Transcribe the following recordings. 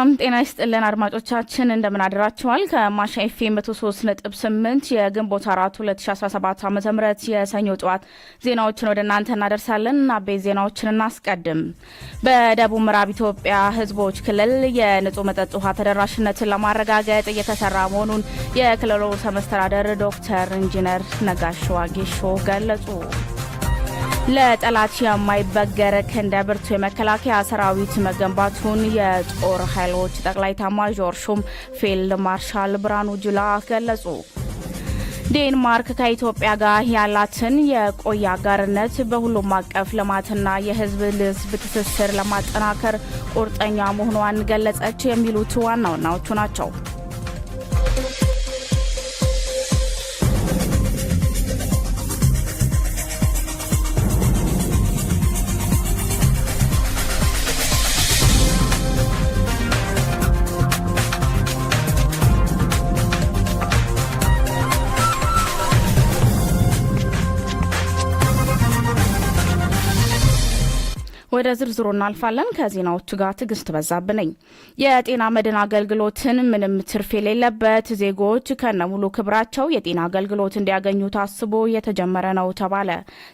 ሰላም ጤና ይስጥልን አድማጮቻችን እንደምን አድራችኋል። ከማሻ ኤፍኤም ስምንት የግንቦት አራት ሰባት ዓ ም የሰኞ ጠዋት ዜናዎችን ወደ እናንተ እናደርሳለን። አበይት ዜናዎችን እናስቀድም። በደቡብ ምዕራብ ኢትዮጵያ ህዝቦች ክልል የንጹህ መጠጥ ውሃ ተደራሽነትን ለማረጋገጥ እየተሰራ መሆኑን የክልሉ ርዕሰ ዶክተር ኢንጂነር ነጋሽ ዋጌሾ ገለጹ። ለጠላት የማይበገር ክንደ ብርቱ የመከላከያ ሰራዊት መገንባቱን የጦር ኃይሎች ጠቅላይ ታማዦር ሹም ፊልድ ማርሻል ብርሃኑ ጁላ ገለጹ። ዴንማርክ ከኢትዮጵያ ጋር ያላትን የቆየ አጋርነት በሁሉም አቀፍ ልማትና የሕዝብ ለሕዝብ ትስስር ለማጠናከር ቁርጠኛ መሆኗን ገለጸች። የሚሉት ዋና ዋናዎቹ ናቸው። ወደ ዝርዝሩ እናልፋለን። ከዜናዎቹ ጋር ትዕግስት በዛብህ ነኝ። የጤና መድን አገልግሎትን ምንም ትርፍ የሌለበት ዜጎች ከነሙሉ ክብራቸው የጤና አገልግሎት እንዲያገኙ ታስቦ የተጀመረ ነው ተባለ።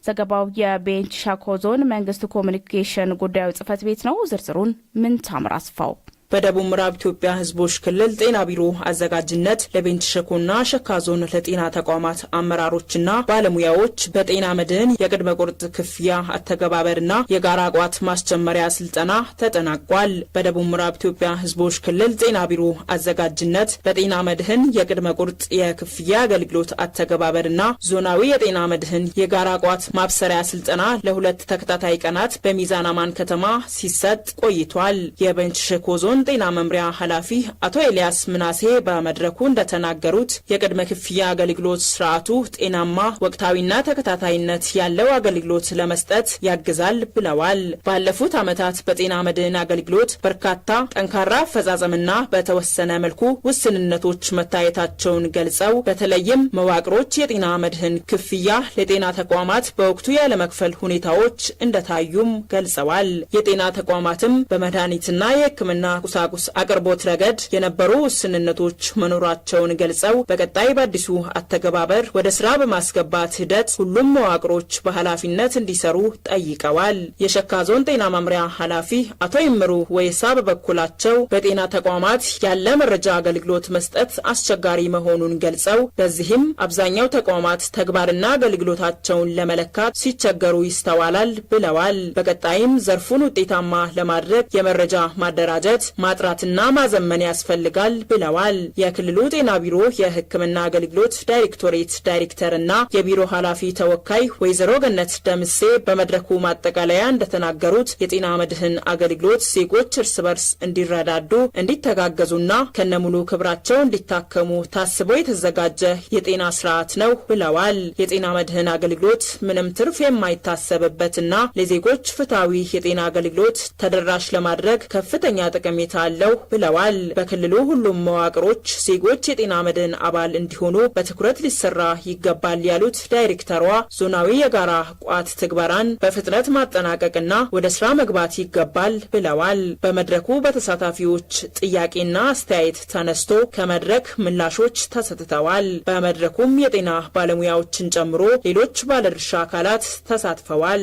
ዘገባው የቤንች ሸኮ ዞን መንግስት ኮሚኒኬሽን ጉዳዩ ጽህፈት ቤት ነው። ዝርዝሩን ምን ታምር አስፋው በደቡብ ምዕራብ ኢትዮጵያ ህዝቦች ክልል ጤና ቢሮ አዘጋጅነት ለቤንች ሸኮና ሸካ ዞን ለጤና ተቋማት አመራሮችና ባለሙያዎች በጤና መድህን የቅድመ ቁርጥ ክፍያ አተገባበርና የጋራ ቋት ማስጀመሪያ ስልጠና ተጠናቋል። በደቡብ ምዕራብ ኢትዮጵያ ሕዝቦች ክልል ጤና ቢሮ አዘጋጅነት በጤና መድህን የቅድመ ቁርጥ የክፍያ አገልግሎት አተገባበርና ዞናዊ የጤና መድህን የጋራ ቋት ማብሰሪያ ስልጠና ለሁለት ተከታታይ ቀናት በሚዛን አማን ከተማ ሲሰጥ ቆይቷል። የቤንች ሸኮ ዞን የዞን ጤና መምሪያ ኃላፊ አቶ ኤልያስ ምናሴ በመድረኩ እንደተናገሩት የቅድመ ክፍያ አገልግሎት ስርዓቱ ጤናማ፣ ወቅታዊና ተከታታይነት ያለው አገልግሎት ለመስጠት ያግዛል ብለዋል። ባለፉት ዓመታት በጤና መድህን አገልግሎት በርካታ ጠንካራ አፈጻጸምና በተወሰነ መልኩ ውስንነቶች መታየታቸውን ገልጸው በተለይም መዋቅሮች የጤና መድህን ክፍያ ለጤና ተቋማት በወቅቱ ያለመክፈል ሁኔታዎች እንደታዩም ገልጸዋል። የጤና ተቋማትም በመድኃኒትና የሕክምና ቁሳቁስ አቅርቦት ረገድ የነበሩ ውስንነቶች መኖራቸውን ገልጸው በቀጣይ በአዲሱ አተገባበር ወደ ስራ በማስገባት ሂደት ሁሉም መዋቅሮች በኃላፊነት እንዲሰሩ ጠይቀዋል። የሸካ ዞን ጤና መምሪያ ኃላፊ አቶ ይምሩ ወይሳ በበኩላቸው በጤና ተቋማት ያለ መረጃ አገልግሎት መስጠት አስቸጋሪ መሆኑን ገልጸው በዚህም አብዛኛው ተቋማት ተግባርና አገልግሎታቸውን ለመለካት ሲቸገሩ ይስተዋላል ብለዋል። በቀጣይም ዘርፉን ውጤታማ ለማድረግ የመረጃ ማደራጀት ማጥራትና ማዘመን ያስፈልጋል ብለዋል። የክልሉ ጤና ቢሮ የሕክምና አገልግሎት ዳይሬክቶሬት ዳይሬክተርና የቢሮ ኃላፊ ተወካይ ወይዘሮ ገነት ደምሴ በመድረኩ ማጠቃለያ እንደተናገሩት የጤና መድህን አገልግሎት ዜጎች እርስ በርስ እንዲረዳዱ እንዲተጋገዙና ከነሙሉ ክብራቸው እንዲታከሙ ታስቦ የተዘጋጀ የጤና ስርዓት ነው ብለዋል። የጤና መድህን አገልግሎት ምንም ትርፍ የማይታሰብበትና ለዜጎች ፍትሐዊ የጤና አገልግሎት ተደራሽ ለማድረግ ከፍተኛ ጥቅም ። ጠቀሜታ አለው ብለዋል። በክልሉ ሁሉም መዋቅሮች ዜጎች የጤና መድን አባል እንዲሆኑ በትኩረት ሊሰራ ይገባል ያሉት ዳይሬክተሯ ዞናዊ የጋራ ቋት ትግበራን በፍጥነት ማጠናቀቅና ወደ ስራ መግባት ይገባል ብለዋል። በመድረኩ በተሳታፊዎች ጥያቄና አስተያየት ተነስቶ ከመድረክ ምላሾች ተሰጥተዋል። በመድረኩም የጤና ባለሙያዎችን ጨምሮ ሌሎች ባለድርሻ አካላት ተሳትፈዋል።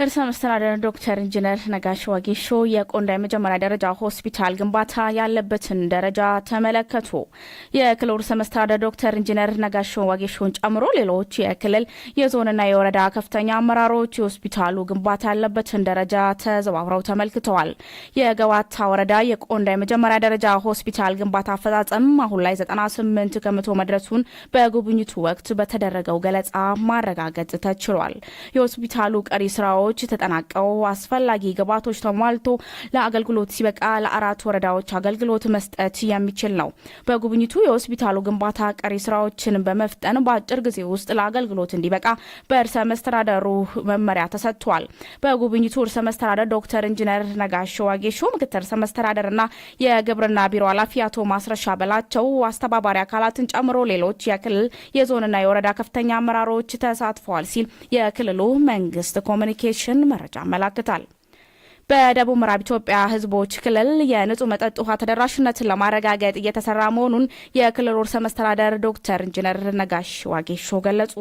ርዕሰ መስተዳደር ዶክተር ኢንጂነር ነጋሽ ዋጌሾ የቆንዳ የመጀመሪያ ደረጃ ሆስፒታል ግንባታ ያለበትን ደረጃ ተመለከቱ። የክልል ርዕሰ መስተዳደር ዶክተር ኢንጂነር ነጋሽ ዋጌሾን ጨምሮ ሌሎች የክልል የዞንና የወረዳ ከፍተኛ አመራሮች የሆስፒታሉ ግንባታ ያለበትን ደረጃ ተዘዋውረው ተመልክተዋል። የገባታ ወረዳ የቆንዳ የመጀመሪያ ደረጃ ሆስፒታል ግንባታ አፈጻጸም አሁን ላይ 98 ከመቶ መድረሱን በጉብኝቱ ወቅት በተደረገው ገለጻ ማረጋገጥ ተችሏል። የሆስፒታሉ ቀሪ ስራዎች ስራዎች ተጠናቀው አስፈላጊ ግብዓቶች ተሟልቶ ለአገልግሎት ሲበቃ ለአራት ወረዳዎች አገልግሎት መስጠት የሚችል ነው። በጉብኝቱ የሆስፒታሉ ግንባታ ቀሪ ስራዎችን በመፍጠን በአጭር ጊዜ ውስጥ ለአገልግሎት እንዲበቃ በእርሰ መስተዳደሩ መመሪያ ተሰጥቷል። በጉብኝቱ እርሰ መስተዳደር ዶክተር ኢንጂነር ነጋሽ ዋጌሾ፣ ምክትል እርሰ መስተዳደርና የግብርና ቢሮ ኃላፊ አቶ ማስረሻ በላቸው፣ አስተባባሪ አካላትን ጨምሮ ሌሎች የክልል የዞንና የወረዳ ከፍተኛ አመራሮች ተሳትፈዋል ሲል የክልሉ መንግስት ኮሚኒኬሽን ኮሚሽን መረጃ አመላክታል። በደቡብ ምዕራብ ኢትዮጵያ ህዝቦች ክልል የንጹህ መጠጥ ውሃ ተደራሽነትን ለማረጋገጥ እየተሰራ መሆኑን የክልሉ ርዕሰ መስተዳደር ዶክተር ኢንጂነር ነጋሽ ዋጌሾ ገለጹ።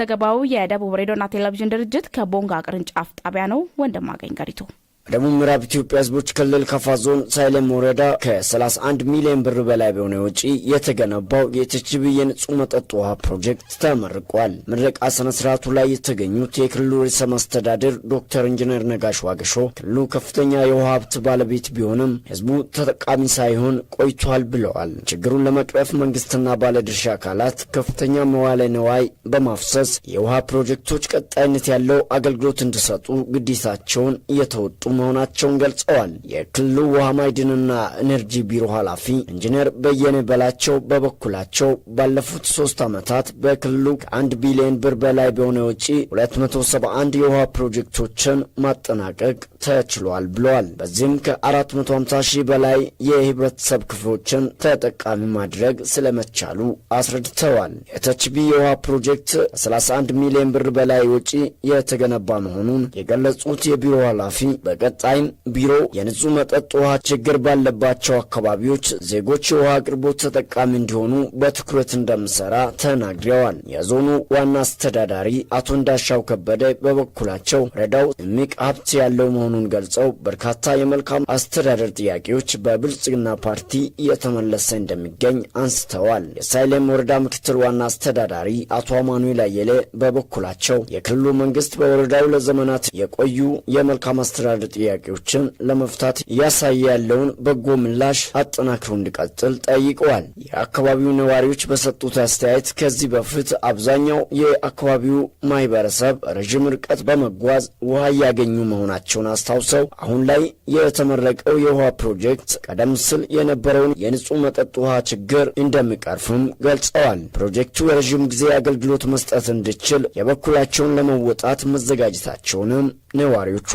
ዘገባው የደቡብ ሬዲዮና ቴሌቪዥን ድርጅት ከቦንጋ ቅርንጫፍ ጣቢያ ነው። ወንድማገኝ ገሪቶ በደቡብ ምዕራብ ኢትዮጵያ ሕዝቦች ክልል ከፋ ዞን ሳይለም ወረዳ ከ31 ሚሊዮን ብር በላይ በሆነ ወጪ የተገነባው የችችቢ የንጹህ መጠጥ ውሃ ፕሮጀክት ተመርቋል። ምረቃ ስነ ሥርዓቱ ላይ የተገኙት የክልሉ ርዕሰ መስተዳድር ዶክተር ኢንጂነር ነጋሽ ዋገሾ ክልሉ ከፍተኛ የውሃ ሀብት ባለቤት ቢሆንም ሕዝቡ ተጠቃሚ ሳይሆን ቆይቷል ብለዋል። ችግሩን ለመቅረፍ መንግስትና ባለድርሻ አካላት ከፍተኛ መዋለ ንዋይ በማፍሰስ የውሃ ፕሮጀክቶች ቀጣይነት ያለው አገልግሎት እንዲሰጡ ግዴታቸውን እየተወጡ መሆናቸውን ገልጸዋል። የክልሉ ውሃ ማዕድንና ኢነርጂ ቢሮ ኃላፊ ኢንጂነር በየነ በላቸው በበኩላቸው ባለፉት ሶስት ዓመታት በክልሉ ከአንድ ቢሊዮን ብር በላይ በሆነ ወጪ 271 የውሃ ፕሮጀክቶችን ማጠናቀቅ ተችሏል ብለዋል። በዚህም ከ450 ሺህ በላይ የህብረተሰብ ክፍሎችን ተጠቃሚ ማድረግ ስለመቻሉ አስረድተዋል። የተችቢ የውሃ ፕሮጀክት ከ31 ሚሊዮን ብር በላይ ወጪ የተገነባ መሆኑን የገለጹት የቢሮ ኃላፊ በቀ በቀጣይም ቢሮ የንጹህ መጠጥ ውሃ ችግር ባለባቸው አካባቢዎች ዜጎች የውሃ አቅርቦት ተጠቃሚ እንዲሆኑ በትኩረት እንደምሰራ ተናግረዋል። የዞኑ ዋና አስተዳዳሪ አቶ እንዳሻው ከበደ በበኩላቸው ወረዳው እምቅ ሀብት ያለው መሆኑን ገልጸው በርካታ የመልካም አስተዳደር ጥያቄዎች በብልጽግና ፓርቲ እየተመለሰ እንደሚገኝ አንስተዋል። የሳይሌም ወረዳ ምክትል ዋና አስተዳዳሪ አቶ አማኑኤል አየለ በበኩላቸው የክልሉ መንግስት በወረዳው ለዘመናት የቆዩ የመልካም አስተዳደር ጥያቄዎችን ለመፍታት እያሳየ ያለውን በጎ ምላሽ አጠናክሮ እንዲቀጥል ጠይቀዋል። የአካባቢው ነዋሪዎች በሰጡት አስተያየት ከዚህ በፊት አብዛኛው የአካባቢው ማህበረሰብ ረዥም ርቀት በመጓዝ ውሃ እያገኙ መሆናቸውን አስታውሰው አሁን ላይ የተመረቀው የውሃ ፕሮጀክት ቀደም ሲል የነበረውን የንጹህ መጠጥ ውሃ ችግር እንደሚቀርፍም ገልጸዋል። ፕሮጀክቱ የረዥም ጊዜ አገልግሎት መስጠት እንዲችል የበኩላቸውን ለመወጣት መዘጋጀታቸውንም ነዋሪዎቹ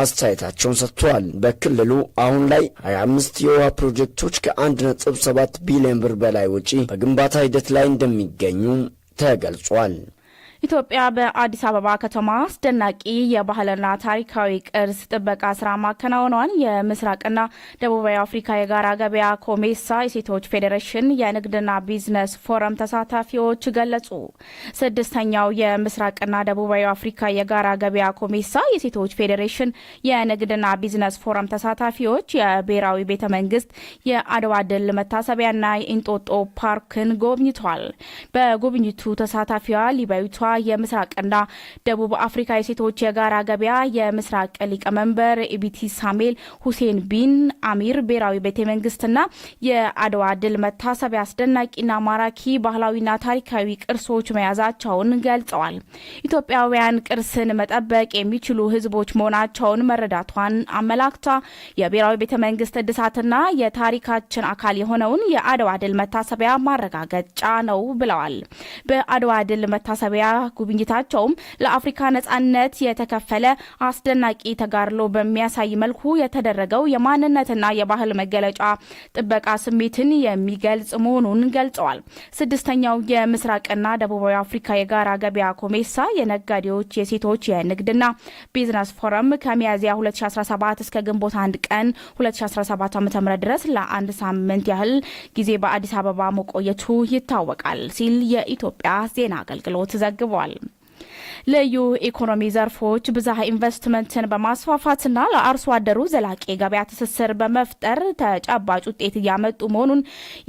አስተያየታቸውን ሰጥተዋል። በክልሉ አሁን ላይ 25 የውሃ ፕሮጀክቶች ከአንድ ነጥብ ሰባት ቢሊዮን ብር በላይ ወጪ በግንባታ ሂደት ላይ እንደሚገኙ ተገልጿል። ኢትዮጵያ በአዲስ አበባ ከተማ አስደናቂ የባህልና ታሪካዊ ቅርስ ጥበቃ ስራ ማከናወኗን የምስራቅና ደቡባዊ አፍሪካ የጋራ ገበያ ኮሜሳ የሴቶች ፌዴሬሽን የንግድና ቢዝነስ ፎረም ተሳታፊዎች ገለጹ። ስድስተኛው የምስራቅና ደቡባዊ አፍሪካ የጋራ ገበያ ኮሜሳ የሴቶች ፌዴሬሽን የንግድና ቢዝነስ ፎረም ተሳታፊዎች የብሔራዊ ቤተ መንግስት የአድዋ ድል መታሰቢያና የኢንጦጦ ፓርክን ጎብኝቷል። በጉብኝቱ ተሳታፊዋ ሊበይቷ የምስራቅና ደቡብ አፍሪካ የሴቶች የጋራ ገበያ የምስራቅ ሊቀመንበር ኢቢቲ ሳሜል ሁሴን ቢን አሚር ብሔራዊ ቤተ መንግስትና የአድዋ ድል መታሰቢያ አስደናቂና ማራኪ ባህላዊና ታሪካዊ ቅርሶች መያዛቸውን ገልጸዋል። ኢትዮጵያውያን ቅርስን መጠበቅ የሚችሉ ህዝቦች መሆናቸውን መረዳቷን አመላክቷ። የብሔራዊ ቤተ መንግስት እድሳትና የታሪካችን አካል የሆነውን የአድዋ ድል መታሰቢያ ማረጋገጫ ነው ብለዋል። በአድዋ ድል መታሰቢያ ጉብኝታቸውም ለአፍሪካ ነጻነት የተከፈለ አስደናቂ ተጋድሎ በሚያሳይ መልኩ የተደረገው የማንነትና የባህል መገለጫ ጥበቃ ስሜትን የሚገልጽ መሆኑን ገልጸዋል። ስድስተኛው የምስራቅና ደቡባዊ አፍሪካ የጋራ ገበያ ኮሜሳ የነጋዴዎች የሴቶች የንግድና ቢዝነስ ፎረም ከሚያዝያ 2017 እስከ ግንቦት አንድ ቀን 2017 ዓ ም ድረስ ለአንድ ሳምንት ያህል ጊዜ በአዲስ አበባ መቆየቱ ይታወቃል ሲል የኢትዮጵያ ዜና አገልግሎት ዘግቧል። አቅርቧል። ልዩ ኢኮኖሚ ዘርፎች ብዝሃ ኢንቨስትመንትን በማስፋፋትና ለአርሶ አደሩ ዘላቂ ገበያ ትስስር በመፍጠር ተጨባጭ ውጤት እያመጡ መሆኑን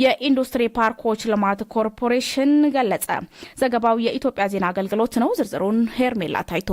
የኢንዱስትሪ ፓርኮች ልማት ኮርፖሬሽን ገለጸ። ዘገባው የኢትዮጵያ ዜና አገልግሎት ነው። ዝርዝሩን ሄርሜላ ታይቶ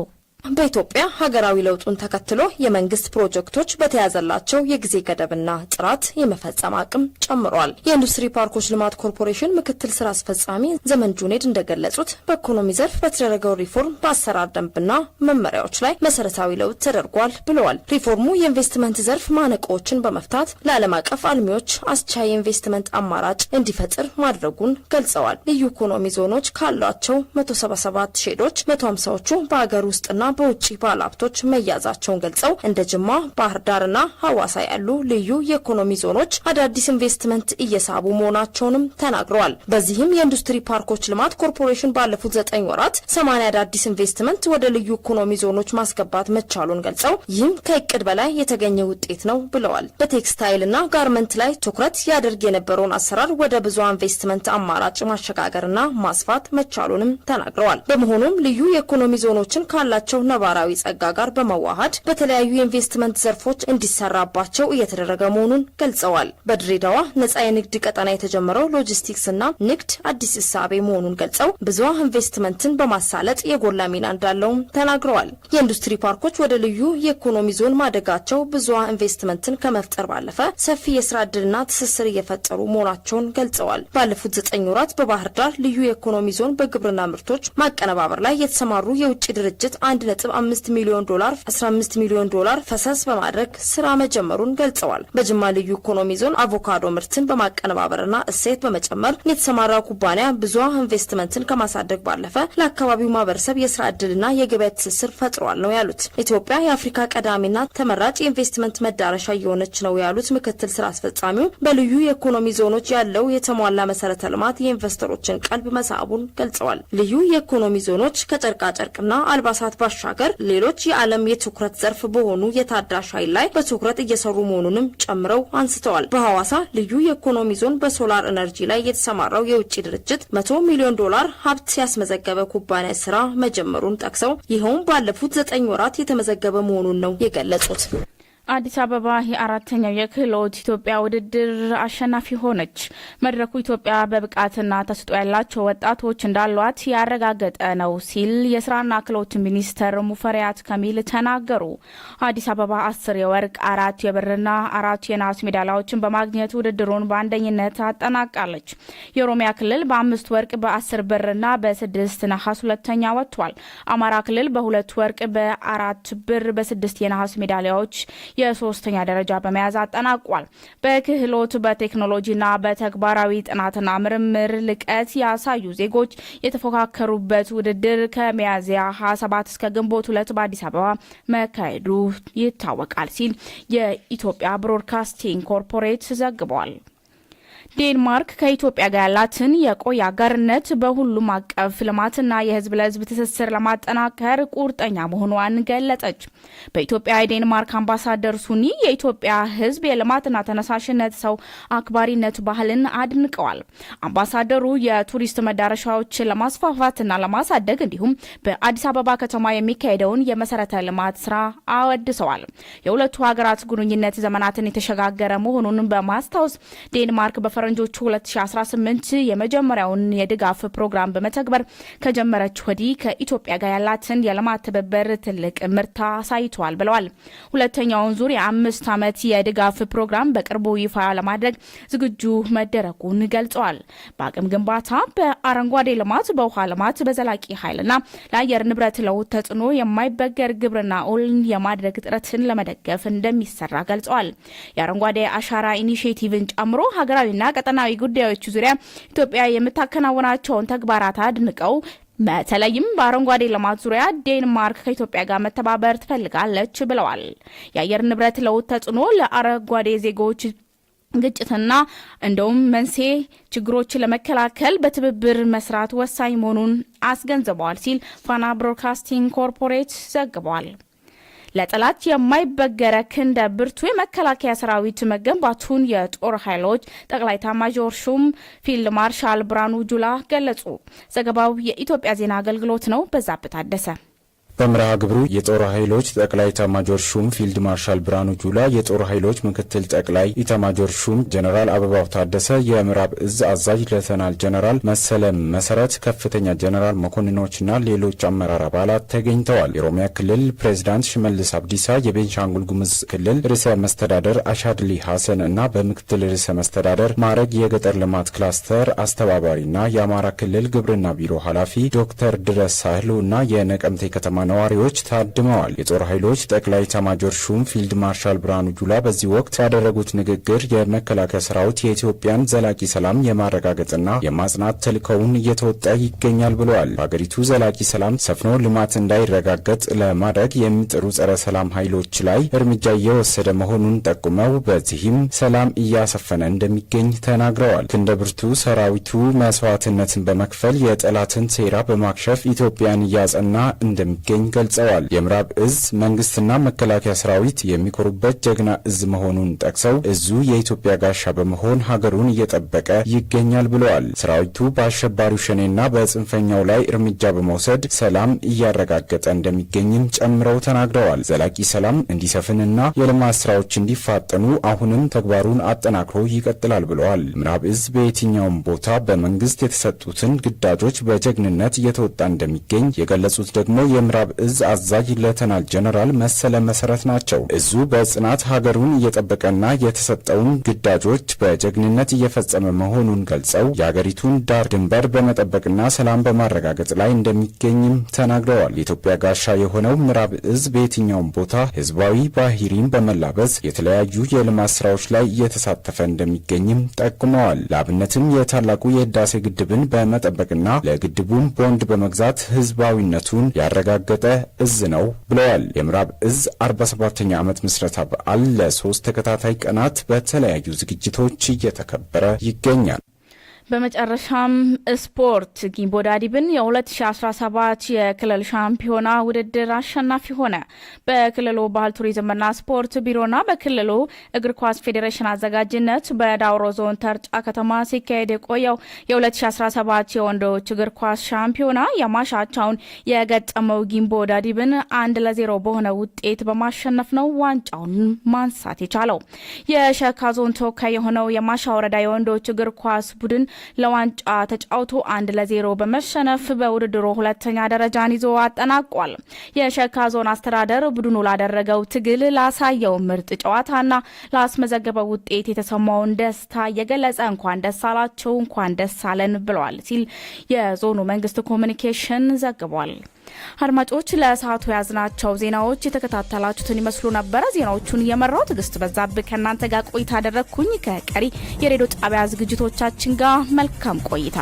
በኢትዮጵያ ሀገራዊ ለውጡን ተከትሎ የመንግስት ፕሮጀክቶች በተያዘላቸው የጊዜ ገደብና ጥራት የመፈጸም አቅም ጨምሯል። የኢንዱስትሪ ፓርኮች ልማት ኮርፖሬሽን ምክትል ስራ አስፈጻሚ ዘመን ጁኔድ እንደገለጹት በኢኮኖሚ ዘርፍ በተደረገው ሪፎርም በአሰራር ደንብና መመሪያዎች ላይ መሰረታዊ ለውጥ ተደርጓል ብለዋል። ሪፎርሙ የኢንቨስትመንት ዘርፍ ማነቆዎችን በመፍታት ለዓለም አቀፍ አልሚዎች አስቻይ የኢንቨስትመንት አማራጭ እንዲፈጥር ማድረጉን ገልጸዋል። ልዩ ኢኮኖሚ ዞኖች ካሏቸው 177 ሼዶች 150ዎቹ በአገር ውስጥና በውጭ ባለሀብቶች መያዛቸውን ገልጸው እንደ ጅማ፣ ባህር ዳርና ሐዋሳ ያሉ ልዩ የኢኮኖሚ ዞኖች አዳዲስ ኢንቨስትመንት እየሳቡ መሆናቸውንም ተናግረዋል። በዚህም የኢንዱስትሪ ፓርኮች ልማት ኮርፖሬሽን ባለፉት ዘጠኝ ወራት ሰማንያ አዳዲስ ኢንቨስትመንት ወደ ልዩ ኢኮኖሚ ዞኖች ማስገባት መቻሉን ገልጸው ይህም ከእቅድ በላይ የተገኘ ውጤት ነው ብለዋል። በቴክስታይልና ጋርመንት ላይ ትኩረት ያደርግ የነበረውን አሰራር ወደ ብዙ ኢንቨስትመንት አማራጭ ማሸጋገርና ማስፋት መቻሉንም ተናግረዋል። በመሆኑም ልዩ የኢኮኖሚ ዞኖችን ካላቸው ካላቸው ነባራዊ ጸጋ ጋር በመዋሃድ በተለያዩ የኢንቨስትመንት ዘርፎች እንዲሰራባቸው እየተደረገ መሆኑን ገልጸዋል። በድሬዳዋ ነጻ የንግድ ቀጠና የተጀመረው ሎጂስቲክስና ንግድ አዲስ እሳቤ መሆኑን ገልጸው ብዙ ኢንቨስትመንትን በማሳለጥ የጎላ ሚና እንዳለውም ተናግረዋል። የኢንዱስትሪ ፓርኮች ወደ ልዩ የኢኮኖሚ ዞን ማደጋቸው ብዙ ኢንቨስትመንትን ከመፍጠር ባለፈ ሰፊ የስራ እድልና ትስስር እየፈጠሩ መሆናቸውን ገልጸዋል። ባለፉት ዘጠኝ ወራት በባህር ዳር ልዩ የኢኮኖሚ ዞን በግብርና ምርቶች ማቀነባበር ላይ የተሰማሩ የውጭ ድርጅት አንድ 5 ሚሊዮን ዶላር፣ 15 ሚሊዮን ዶላር ፈሰስ በማድረግ ስራ መጀመሩን ገልጸዋል። በጅማ ልዩ ኢኮኖሚ ዞን አቮካዶ ምርትን በማቀነባበርና እሴት በመጨመር የተሰማራ ኩባንያ ብዙ ኢንቨስትመንትን ከማሳደግ ባለፈ ለአካባቢው ማህበረሰብ የስራ ዕድልና የገበያ ትስስር ፈጥሯል ነው ያሉት። ኢትዮጵያ የአፍሪካ ቀዳሚና ተመራጭ የኢንቨስትመንት መዳረሻ እየሆነች ነው ያሉት ምክትል ስራ አስፈጻሚው በልዩ የኢኮኖሚ ዞኖች ያለው የተሟላ መሰረተ ልማት የኢንቨስተሮችን ቀልብ መሳቡን ገልጸዋል። ልዩ የኢኮኖሚ ዞኖች ከጨርቃጨርቅና አልባሳት ባሻ ባሻገር ሌሎች የዓለም የትኩረት ዘርፍ በሆኑ የታዳሽ ኃይል ላይ በትኩረት እየሰሩ መሆኑንም ጨምረው አንስተዋል። በሐዋሳ ልዩ የኢኮኖሚ ዞን በሶላር ኤነርጂ ላይ የተሰማራው የውጭ ድርጅት መቶ ሚሊዮን ዶላር ሀብት ያስመዘገበ ኩባንያ ስራ መጀመሩን ጠቅሰው ይኸውም ባለፉት ዘጠኝ ወራት የተመዘገበ መሆኑን ነው የገለጹት። አዲስ አበባ የአራተኛው የክህሎት ኢትዮጵያ ውድድር አሸናፊ ሆነች። መድረኩ ኢትዮጵያ በብቃትና ተስጦ ያላቸው ወጣቶች እንዳሏት ያረጋገጠ ነው ሲል የስራና ክህሎት ሚኒስተር ሙፈሪያት ከሚል ተናገሩ። አዲስ አበባ አስር የወርቅ አራት የብርና አራት የነሐስ ሜዳሊያዎችን በማግኘት ውድድሩን በአንደኝነት አጠናቃለች። የኦሮሚያ ክልል በአምስት ወርቅ በአስር ብርና በስድስት ነሐስ ሁለተኛ ወጥቷል። አማራ ክልል በሁለት ወርቅ በአራት ብር በስድስት የነሐስ ሜዳሊያዎች የሶስተኛ ደረጃ በመያዝ አጠናቋል። በክህሎት በቴክኖሎጂና በተግባራዊ ጥናትና ምርምር ልቀት ያሳዩ ዜጎች የተፎካከሩበት ውድድር ከሚያዝያ 27 እስከ ግንቦት ሁለት በአዲስ አበባ መካሄዱ ይታወቃል ሲል የኢትዮጵያ ብሮድካስቲንግ ኮርፖሬት ዘግቧል። ዴንማርክ ከኢትዮጵያ ጋር ያላትን የቆየ አጋርነት በሁሉም አቀፍ ልማትና የህዝብ ለህዝብ ትስስር ለማጠናከር ቁርጠኛ መሆኗን ገለጸች። በኢትዮጵያ የዴንማርክ አምባሳደር ሱኒ የኢትዮጵያ ህዝብ የልማትና ተነሳሽነት ሰው አክባሪነት ባህልን አድንቀዋል። አምባሳደሩ የቱሪስት መዳረሻዎችን ለማስፋፋትና ለማሳደግ እንዲሁም በአዲስ አበባ ከተማ የሚካሄደውን የመሰረተ ልማት ስራ አወድሰዋል። የሁለቱ ሀገራት ግንኙነት ዘመናትን የተሸጋገረ መሆኑን በማስታወስ ዴንማርክ በፈረንጆቹ 2018 የመጀመሪያውን የድጋፍ ፕሮግራም በመተግበር ከጀመረች ወዲህ ከኢትዮጵያ ጋር ያላትን የልማት ትብብር ትልቅ ምርታ አሳይተዋል ብለዋል። ሁለተኛውን ዙር የአምስት ዓመት የድጋፍ ፕሮግራም በቅርቡ ይፋ ለማድረግ ዝግጁ መደረጉን ገልጸዋል። በአቅም ግንባታ፣ በአረንጓዴ ልማት፣ በውሃ ልማት፣ በዘላቂ ኃይልና ለአየር ንብረት ለውጥ ተጽዕኖ የማይበገር ግብርና ኦልን የማድረግ ጥረትን ለመደገፍ እንደሚሰራ ገልጸዋል። የአረንጓዴ አሻራ ኢኒሽቲቭን ጨምሮ ሀገራዊ ሰላማዊና ቀጠናዊ ጉዳዮች ዙሪያ ኢትዮጵያ የምታከናውናቸውን ተግባራት አድንቀው በተለይም በአረንጓዴ ልማት ዙሪያ ዴንማርክ ከኢትዮጵያ ጋር መተባበር ትፈልጋለች ብለዋል። የአየር ንብረት ለውጥ ተጽዕኖ ለአረንጓዴ ዜጎች ግጭትና እንደውም መንስኤ ችግሮችን ለመከላከል በትብብር መስራት ወሳኝ መሆኑን አስገንዝበዋል ሲል ፋና ብሮድካስቲንግ ኮርፖሬት ዘግቧል። ለጠላት የማይበገረ ክንደ ብርቱ የመከላከያ ሰራዊት መገንባቱን የጦር ኃይሎች ጠቅላይ ታማዦር ሹም ፊልድ ማርሻል ብርሃኑ ጁላ ገለጹ። ዘገባው የኢትዮጵያ ዜና አገልግሎት ነው። በዛብህ ታደሰ በምርሃ ግብሩ የጦር ኃይሎች ጠቅላይ ኢታማጆር ሹም ፊልድ ማርሻል ብርሃኑ ጁላ፣ የጦር ኃይሎች ምክትል ጠቅላይ ኢታማጆር ሹም ጀነራል አበባው ታደሰ፣ የምዕራብ እዝ አዛዥ ሌተናል ጀነራል መሰለ መሰረት፣ ከፍተኛ ጀነራል መኮንኖችና ሌሎች አመራር አባላት ተገኝተዋል። የኦሮሚያ ክልል ፕሬዚዳንት ሽመልስ አብዲሳ፣ የቤንሻንጉል ጉምዝ ክልል ርዕሰ መስተዳደር አሻድሊ ሀሰን እና በምክትል ርዕሰ መስተዳደር ማዕረግ የገጠር ልማት ክላስተር አስተባባሪና የአማራ ክልል ግብርና ቢሮ ኃላፊ ዶክተር ድረስ ሳህሉ እና የነቀምቴ ከተማ ከተማ ነዋሪዎች ታድመዋል። የጦር ኃይሎች ጠቅላይ ኤታማዦር ሹም ፊልድ ማርሻል ብርሃኑ ጁላ በዚህ ወቅት ያደረጉት ንግግር የመከላከያ ሰራዊት የኢትዮጵያን ዘላቂ ሰላም የማረጋገጥና የማጽናት ተልእኮውን እየተወጣ ይገኛል ብለዋል። በአገሪቱ ዘላቂ ሰላም ሰፍኖ ልማት እንዳይረጋገጥ ለማድረግ የሚጥሩ ጸረ ሰላም ኃይሎች ላይ እርምጃ እየወሰደ መሆኑን ጠቁመው በዚህም ሰላም እያሰፈነ እንደሚገኝ ተናግረዋል። ክንደ ብርቱ ሰራዊቱ መስዋዕትነትን በመክፈል የጠላትን ሴራ በማክሸፍ ኢትዮጵያን እያጸና እንደሚገኝ እንደሚገኝ ገልጸዋል። የምዕራብ እዝ መንግስትና መከላከያ ሰራዊት የሚኮሩበት ጀግና እዝ መሆኑን ጠቅሰው እዙ የኢትዮጵያ ጋሻ በመሆን ሀገሩን እየጠበቀ ይገኛል ብለዋል። ሰራዊቱ በአሸባሪው ሸኔና በጽንፈኛው ላይ እርምጃ በመውሰድ ሰላም እያረጋገጠ እንደሚገኝም ጨምረው ተናግረዋል። ዘላቂ ሰላም እንዲሰፍንና የልማት ስራዎች እንዲፋጠኑ አሁንም ተግባሩን አጠናክሮ ይቀጥላል ብለዋል። ምዕራብ እዝ በየትኛውም ቦታ በመንግስት የተሰጡትን ግዳጆች በጀግንነት እየተወጣ እንደሚገኝ የገለጹት ደግሞ የምዕራብ ምዕራብ እዝ አዛዥ ሌተናል ጀነራል መሰለ መሰረት ናቸው። እዙ በጽናት ሀገሩን እየጠበቀና የተሰጠውን ግዳጆች በጀግንነት እየፈጸመ መሆኑን ገልጸው የሀገሪቱን ዳር ድንበር በመጠበቅና ሰላም በማረጋገጥ ላይ እንደሚገኝም ተናግረዋል። የኢትዮጵያ ጋሻ የሆነው ምዕራብ እዝ በየትኛውም ቦታ ህዝባዊ ባህሪን በመላበስ የተለያዩ የልማት ስራዎች ላይ እየተሳተፈ እንደሚገኝም ጠቁመዋል። ለአብነትም የታላቁ የህዳሴ ግድብን በመጠበቅና ለግድቡም ቦንድ በመግዛት ህዝባዊነቱን ያረጋግ የተደነገጠ እዝ ነው ብለዋል። የምዕራብ እዝ 47ኛ ዓመት ምስረታ በዓል ለሶስት ተከታታይ ቀናት በተለያዩ ዝግጅቶች እየተከበረ ይገኛል። በመጨረሻም ስፖርት ጊምቦ ዳዲብን የ2017 የክልል ሻምፒዮና ውድድር አሸናፊ ሆነ። በክልሉ ባህል ቱሪዝምና ስፖርት ቢሮና በክልሉ እግር ኳስ ፌዴሬሽን አዘጋጅነት በዳውሮ ዞን ተርጫ ከተማ ሲካሄድ የቆየው የ2017 የወንዶች እግር ኳስ ሻምፒዮና የማሻቻውን የገጠመው ጊምቦ ዳዲብን አንድ ለዜሮ በሆነ ውጤት በማሸነፍ ነው ዋንጫውን ማንሳት የቻለው። የሸካ ዞን ተወካይ የሆነው የማሻ ወረዳ የወንዶች እግር ኳስ ቡድን ለዋንጫ ተጫውቶ አንድ ለዜሮ በመሸነፍ በውድድሩ ሁለተኛ ደረጃን ይዞ አጠናቋል። የሸካ ዞን አስተዳደር ቡድኑ ላደረገው ትግል ላሳየው ምርጥ ጨዋታና ላስመዘገበው ውጤት የተሰማውን ደስታ የገለጸ እንኳን ደስ አላቸው እንኳን ደስ አለን ብለዋል ሲል የዞኑ መንግስት ኮሚኒኬሽን ዘግቧል። አድማጮች ለሰዓቱ ያዝናቸው ዜናዎች የተከታተላችሁትን ይመስሉ ነበረ። ዜናዎቹን እየመራው ትዕግስት በዛብህ ከእናንተ ጋር ቆይታ አደረግኩኝ። ከቀሪ የሬዲዮ ጣቢያ ዝግጅቶቻችን ጋር መልካም ቆይታ